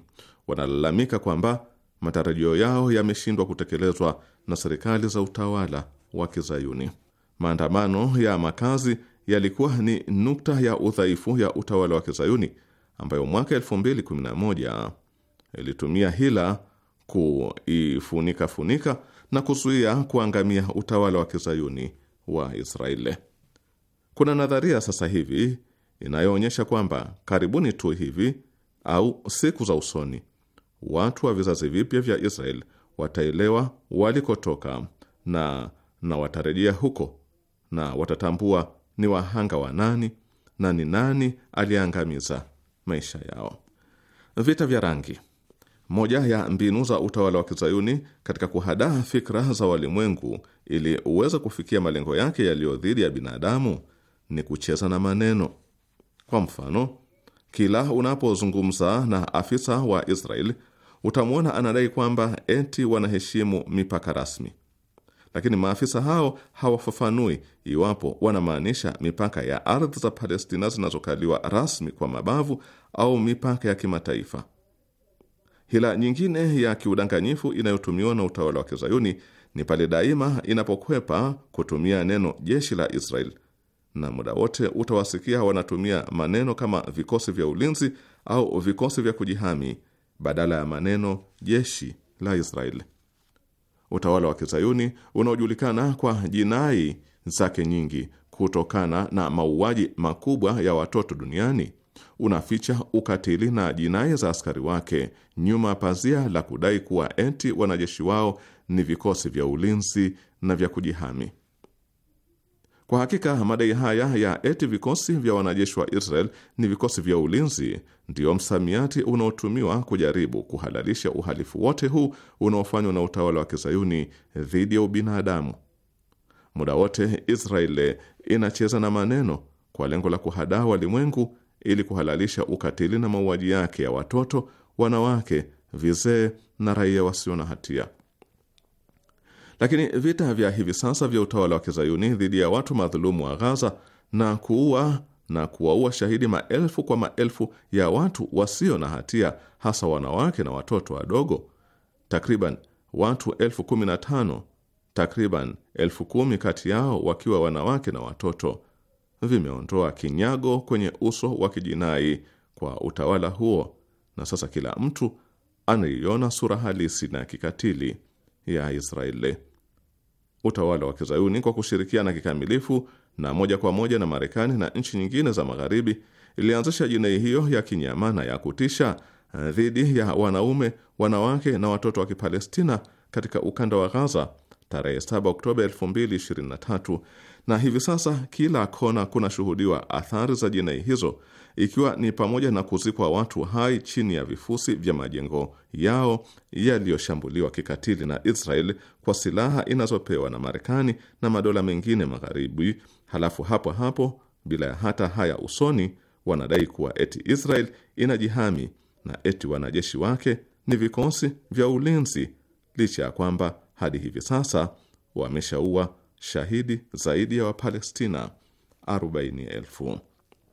wanalalamika kwamba matarajio yao yameshindwa kutekelezwa na serikali za utawala wa kizayuni. Maandamano ya makazi yalikuwa ni nukta ya udhaifu ya utawala wa kizayuni ambayo mwaka 2011 ilitumia hila kuifunika funika na kuzuia kuangamia utawala wa kizayuni wa Israeli. Kuna nadharia sasa hivi inayoonyesha kwamba karibuni tu hivi au siku za usoni, watu wa vizazi vipya vya Israel wataelewa walikotoka na na watarejea huko na watatambua ni wahanga wa nani na ni nani aliyeangamiza maisha yao. Vita vya rangi moja ya mbinu za utawala wa kizayuni katika kuhadaa fikra za walimwengu ili uweze kufikia malengo yake yaliyo dhidi ya binadamu ni kucheza na maneno. Kwa mfano, kila unapozungumza na afisa wa Israel utamwona anadai kwamba eti wanaheshimu mipaka rasmi, lakini maafisa hao hawafafanui iwapo wanamaanisha mipaka ya ardhi za Palestina zinazokaliwa rasmi kwa mabavu au mipaka ya kimataifa. Hila nyingine ya kiudanganyifu inayotumiwa na utawala wa kizayuni ni pale daima inapokwepa kutumia neno jeshi la Israel, na muda wote utawasikia wanatumia maneno kama vikosi vya ulinzi au vikosi vya kujihami badala ya maneno jeshi la Israel. Utawala wa kizayuni unaojulikana kwa jinai zake nyingi kutokana na mauaji makubwa ya watoto duniani unaficha ukatili na jinai za askari wake nyuma ya pazia la kudai kuwa eti wanajeshi wao ni vikosi vya ulinzi na vya kujihami. Kwa hakika madai haya ya eti vikosi vya wanajeshi wa Israel ni vikosi vya ulinzi ndiyo msamiati unaotumiwa kujaribu kuhalalisha uhalifu wote huu unaofanywa na utawala wa kizayuni dhidi ya ubinadamu. Muda wote Israel inacheza na maneno kwa lengo la kuhadaa walimwengu ili kuhalalisha ukatili na mauaji yake ya watoto, wanawake, vizee na raia wasio na hatia. Lakini vita vya hivi sasa vya utawala wa kizayuni dhidi ya watu madhulumu wa Ghaza na kuua na kuwaua shahidi maelfu kwa maelfu ya watu wasio na hatia, hasa wanawake na watoto wadogo, takriban watu elfu kumi na tano, takriban elfu kumi kati yao wakiwa wanawake na watoto vimeondoa kinyago kwenye uso wa kijinai kwa utawala huo, na sasa kila mtu anaiona sura halisi na kikatili ya Israeli. Utawala wa kizayuni kwa kushirikiana kikamilifu na moja kwa moja na Marekani na nchi nyingine za Magharibi ilianzisha jinai hiyo ya kinyama na ya kutisha eh, dhidi ya wanaume, wanawake na watoto wa Kipalestina katika ukanda wa Gaza tarehe 7 Oktoba na hivi sasa kila kona shuhudiwa athari za jinai hizo, ikiwa ni pamoja na kuzikwa watu hai chini ya vifusi vya majengo yao yaliyoshambuliwa kikatili na Israel kwa silaha inazopewa na Marekani na madola mengine magharibi. Halafu hapo hapo, bila ya hata haya usoni, wanadai kuwa eti Israel inajihami na eti wanajeshi wake ni vikosi vya ulinzi, licha ya kwamba hadi hivi sasa wameshaua shahidi zaidi ya Wapalestina 40,000.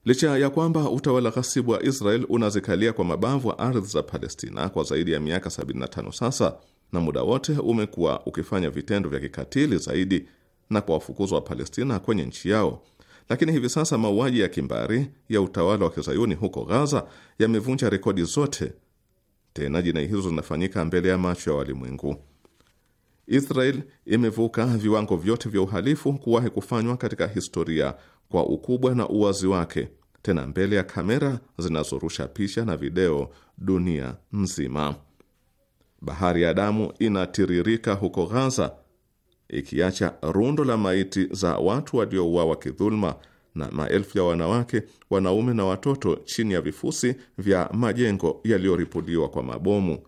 Licha ya kwamba utawala ghasibu wa Israel unazikalia kwa mabavu wa ardhi za Palestina kwa zaidi ya miaka 75 sasa, na muda wote umekuwa ukifanya vitendo vya kikatili zaidi na kuwafukuzwa Wapalestina kwenye nchi yao, lakini hivi sasa mauaji ya kimbari ya utawala wa kizayuni huko Ghaza yamevunja rekodi zote. Tena jinai hizo zinafanyika mbele ya macho ya walimwengu. Israel imevuka viwango vyote vya uhalifu kuwahi kufanywa katika historia kwa ukubwa na uwazi wake, tena mbele ya kamera zinazorusha picha na video dunia nzima. Bahari ya damu inatiririka huko Gaza, ikiacha rundo la maiti za watu waliouawa kidhuluma na maelfu ya wanawake, wanaume na watoto chini ya vifusi vya majengo yaliyoripuliwa kwa mabomu,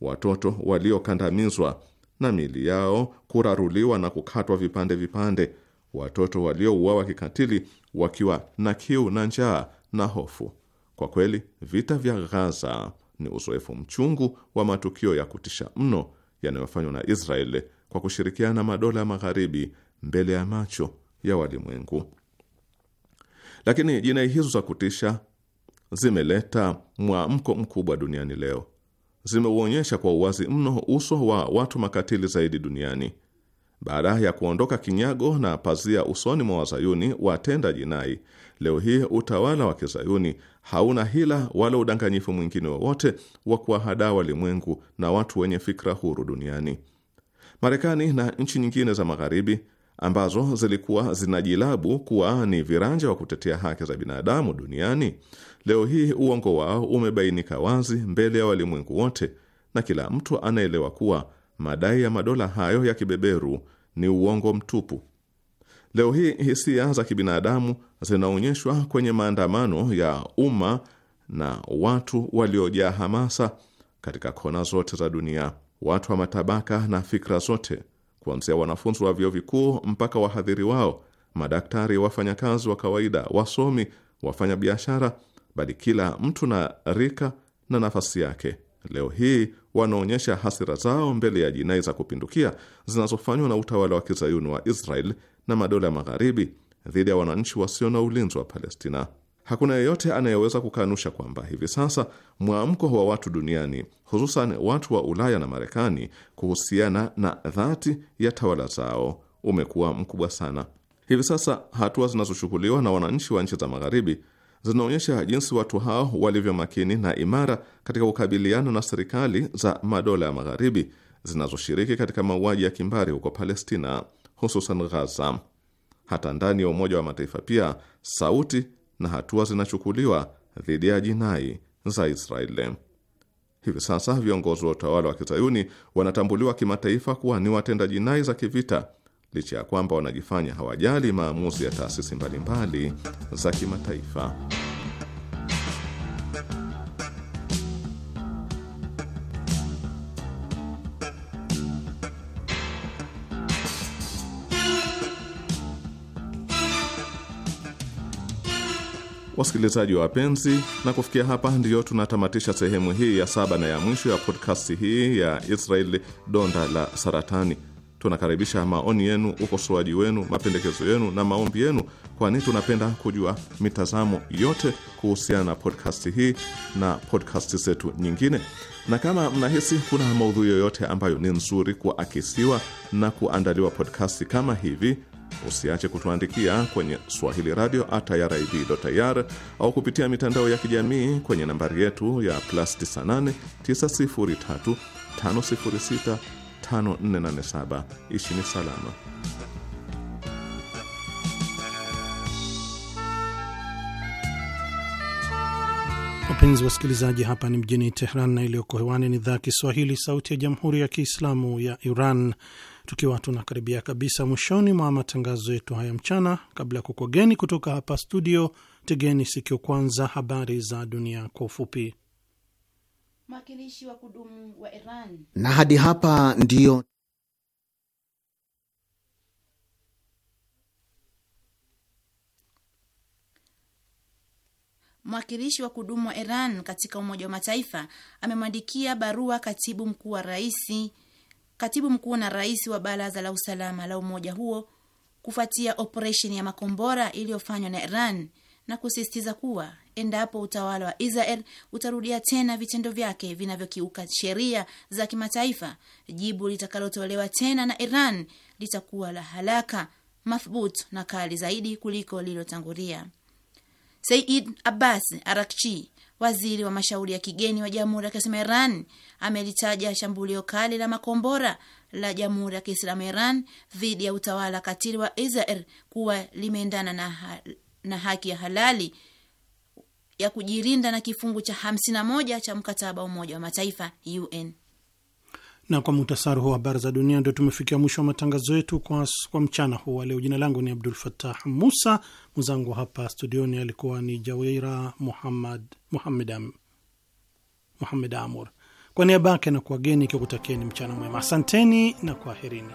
watoto waliokandamizwa na mili yao kuraruliwa na kukatwa vipande vipande, watoto waliouawa kikatili wakiwa na kiu na njaa na hofu. Kwa kweli vita vya Ghaza ni uzoefu mchungu wa matukio ya kutisha mno yanayofanywa na Israeli kwa kushirikiana na madola ya magharibi mbele ya macho ya walimwengu. Lakini jinai hizo za kutisha zimeleta mwamko mkubwa duniani leo zimeuonyesha kwa uwazi mno uso wa watu makatili zaidi duniani. Baada ya kuondoka kinyago na pazia usoni mwa wazayuni watenda jinai, leo hii utawala wa kizayuni hauna hila wala udanganyifu mwingine wowote wa, wa kuwahadaa walimwengu na watu wenye fikra huru duniani. Marekani na nchi nyingine za Magharibi ambazo zilikuwa zinajilabu kuwa ni viranja wa kutetea haki za binadamu duniani, leo hii uongo wao umebainika wazi mbele ya walimwengu wote, na kila mtu anaelewa kuwa madai ya madola hayo ya kibeberu ni uongo mtupu. Leo hii hisia za kibinadamu zinaonyeshwa kwenye maandamano ya umma na watu waliojaa hamasa katika kona zote za dunia, watu wa matabaka na fikra zote kuanzia wanafunzi wa vyuo vikuu mpaka wahadhiri wao, madaktari, wafanyakazi wa kawaida, wasomi, wafanya biashara, bali kila mtu na rika na nafasi yake. Leo hii wanaonyesha hasira zao mbele ya jinai za kupindukia zinazofanywa na utawala wa kizayuni wa Israel na madola ya magharibi dhidi ya wananchi wasio na ulinzi wa Palestina. Hakuna yeyote anayeweza kukanusha kwamba hivi sasa mwamko wa watu duniani, hususan watu wa Ulaya na Marekani, kuhusiana na dhati ya tawala zao umekuwa mkubwa sana. Hivi sasa hatua zinazochukuliwa na wananchi wa nchi za Magharibi zinaonyesha jinsi watu hao walivyo makini na imara katika kukabiliana na serikali za madola ya Magharibi zinazoshiriki katika mauaji ya kimbari huko Palestina, hususan Ghaza. Hata ndani ya Umoja wa Mataifa pia sauti na hatua zinachukuliwa dhidi ya jinai za Israeli. Hivi sasa viongozi wa utawala wa kizayuni wanatambuliwa kimataifa kuwa ni watenda jinai za kivita, licha ya kwamba wanajifanya hawajali maamuzi ya taasisi mbalimbali za kimataifa. Wasikilizaji wa wapenzi, na kufikia hapa ndiyo tunatamatisha sehemu hii ya saba na ya mwisho ya podkasti hii ya Israeli donda la saratani. Tunakaribisha maoni yenu, ukosoaji wenu, mapendekezo yenu na maombi yenu, kwani tunapenda kujua mitazamo yote kuhusiana na podkasti hii na podkasti zetu nyingine. Na kama mnahisi kuna maudhui yoyote ambayo ni nzuri kuakisiwa na kuandaliwa podkasti kama hivi Usiache kutuandikia kwenye swahili radio irib.ir au kupitia mitandao ya kijamii kwenye nambari yetu ya plus 98 903 Ishini salama. Wapenzi wasikilizaji, hapa ni mjini Tehran na iliyoko hewani ni idhaa ya Kiswahili, Sauti ya Jamhuri ya Kiislamu ya Iran. Tukiwa tunakaribia kabisa mwishoni mwa matangazo yetu haya mchana, kabla ya kukwageni kutoka hapa studio, tegeni sikio kwanza habari za dunia kwa ufupi. Mwakilishi wa kudumu wa Iran. Na hadi hapa ndiyo Mwakilishi wa kudumu wa Iran katika Umoja wa Mataifa amemwandikia barua katibu mkuu wa raisi katibu mkuu na rais wa baraza la usalama la umoja huo kufuatia operesheni ya makombora iliyofanywa na Iran na kusisitiza kuwa endapo utawala wa Israel utarudia tena vitendo vyake vinavyokiuka sheria za kimataifa, jibu litakalotolewa tena na Iran litakuwa la haraka, mathbut na kali zaidi kuliko lililotangulia. Said Abbas Arakchi Waziri wa mashauri ya kigeni wa Jamhuri ya Kiislamu Iran amelitaja shambulio kali la makombora la Jamhuri ya Kiislamu Iran dhidi ya utawala katili wa Israel kuwa limeendana na, ha na haki ya halali ya kujilinda na kifungu cha 51 cha mkataba wa Umoja wa Mataifa UN. Na kwa muhtasari huu wa habari za dunia, ndio tumefikia mwisho wa matangazo yetu kwa, kwa mchana huu wa leo. Jina langu ni Abdul fatah Musa, mwenzangu hapa studioni alikuwa ni jawira Muhammad, Muhammad Amur. Kwa niaba yake na kuwageni ikikutakieni mchana mwema, asanteni na kwaherini.